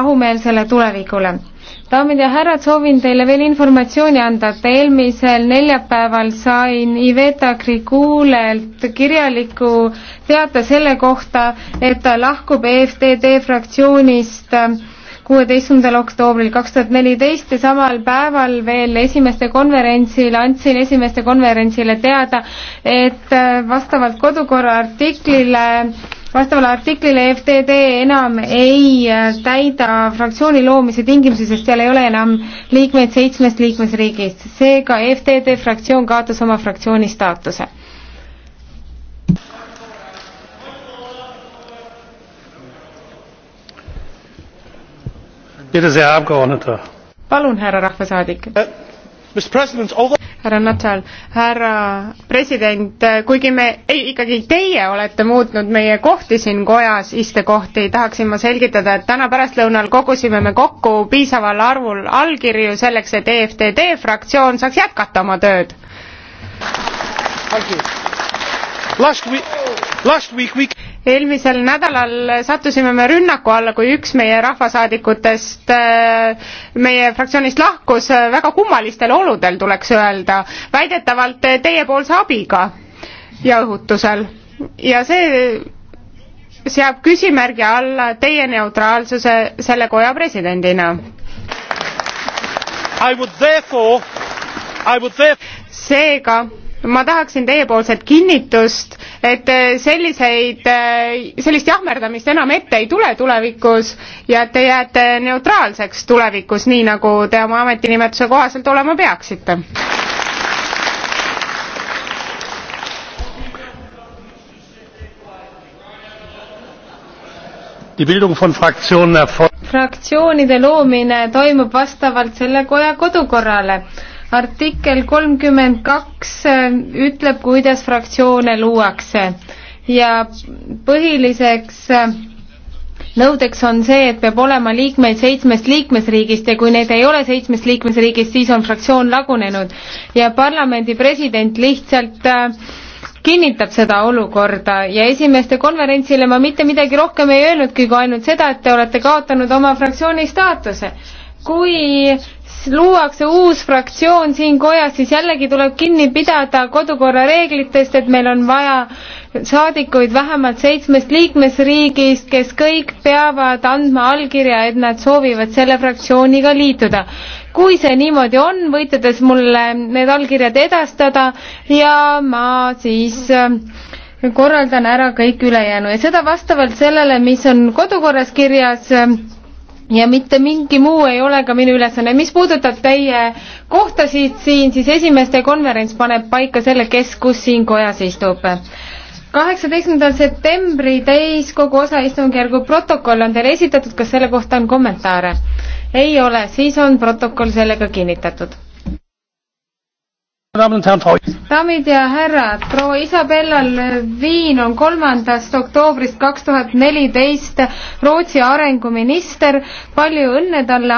rahumeelsele tulevikule. daamid ja härrad, soovin teile veel informatsiooni anda, et eelmisel neljapäeval sain Iveta Grigulelt kirjaliku teate selle kohta, et ta lahkub EFTD fraktsioonist kuueteistkümnendal oktoobril kaks tuhat neliteist ja samal päeval veel esimeste konverentsil andsin esimeste konverentsile teada, et vastavalt kodukorra artiklile vastavale artiklile FTD enam ei äh, täida fraktsiooni loomise tingimusi, sest seal ei ole enam liikmeid seitsmest liikmesriigist. seega FTD fraktsioon kaotas oma fraktsiooni staatuse. palun, härra rahvasaadik. Äh, härra Natsal, härra president, kuigi me, ei, ikkagi teie olete muutnud meie kohti siin kojas, istekohti, tahaksin ma selgitada, et täna pärastlõunal kogusime me kokku piisaval arvul allkirju selleks, et EFTD fraktsioon saaks jätkata oma tööd. Last week, last week we eelmisel nädalal sattusime me rünnaku alla, kui üks meie rahvasaadikutest äh, meie fraktsioonist lahkus väga kummalistel oludel, tuleks öelda, väidetavalt teiepoolse abiga ja õhutusel. ja see seab küsimärgi alla teie neutraalsuse selle koja presidendina. seega ma tahaksin teiepoolset kinnitust, et äh, selliseid, äh, sellist jahmerdamist enam ette ei tule tulevikus ja te jääte neutraalseks tulevikus, nii nagu te oma ametinimetuse kohaselt olema peaksite. fraktsioonide loomine toimub vastavalt selle koja kodukorrale artikkel kolmkümmend kaks äh, ütleb, kuidas fraktsioone luuakse ja põhiliseks äh, nõudeks on see, et peab olema liikmeid seitsmest liikmesriigist ja kui neid ei ole seitsmest liikmesriigist, siis on fraktsioon lagunenud ja parlamendi president lihtsalt äh, kinnitab seda olukorda ja esimeste konverentsile ma mitte midagi rohkem ei öelnudki kui ainult seda, et te olete kaotanud oma fraktsiooni staatuse. kui luuakse uus fraktsioon siin kojas, siis jällegi tuleb kinni pidada kodukorra reeglitest, et meil on vaja saadikuid vähemalt seitsmest liikmesriigist, kes kõik peavad andma allkirja, et nad soovivad selle fraktsiooniga liituda. kui see niimoodi on, võite te mulle need allkirjad edastada ja ma siis äh, korraldan ära kõik ülejäänu ja seda vastavalt sellele, mis on kodukorras kirjas äh, ja mitte mingi muu ei ole ka minu ülesanne. mis puudutab teie kohtasid siin, siis esimeste konverents paneb paika selle, kes kus siin kojas istub kaheksateistkümnendal septembri täiskogu osaistungjärgu protokoll on teile esitatud, kas selle kohta on kommentaare? ei ole, siis on protokoll sellega kinnitatud daamid ja härrad, proua Isabellal Viin on kolmandast oktoobrist kaks tuhat neliteist Rootsi arenguminister, palju õnne talle!